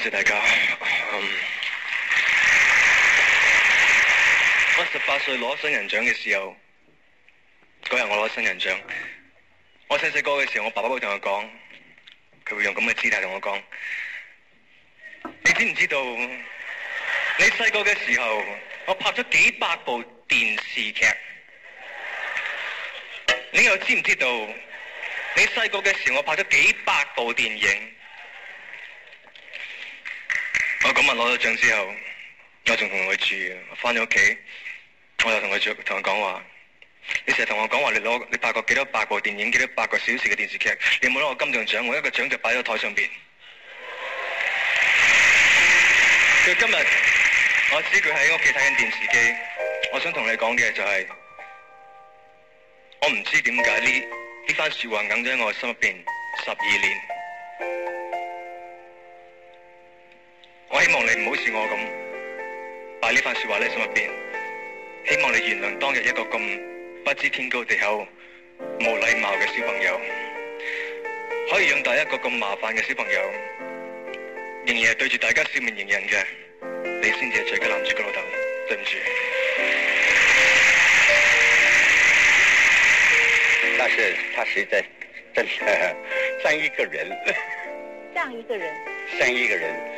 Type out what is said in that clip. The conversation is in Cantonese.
多謝大家。我十八歲攞新人獎嘅時候，嗰日我攞新人獎。我細細個嘅時候，我爸爸會同我講，佢會用咁嘅姿態同我講：你知唔知道？你細個嘅時候，我拍咗幾百部電視劇。你又知唔知道？你細個嘅時候，我拍咗幾百部電影。我今日攞咗獎之後，我仲同佢住，我返咗屋企，我就同佢住，同佢講話你成日同我講話，你拍過幾多百部電影，幾多百個小時嘅電視劇，你冇攞過金像獎，我一個獎就擺喺台上邊。佢 今日，我知佢喺屋企睇緊電視機。我想同你講嘅就係我唔知點解呢，呢番說話硬咗我心入面十二年。希望你唔好似我咁，把呢番說話喺心入邊。希望你原諒當日一個咁不知天高地厚、冇禮貌嘅小朋友，可以養大一個咁麻煩嘅小朋友，仍然係對住大家笑面迎人嘅，你先至係最佳男主角老豆。對唔住。但是，他實在真係像一個人，像一個人，像一個人。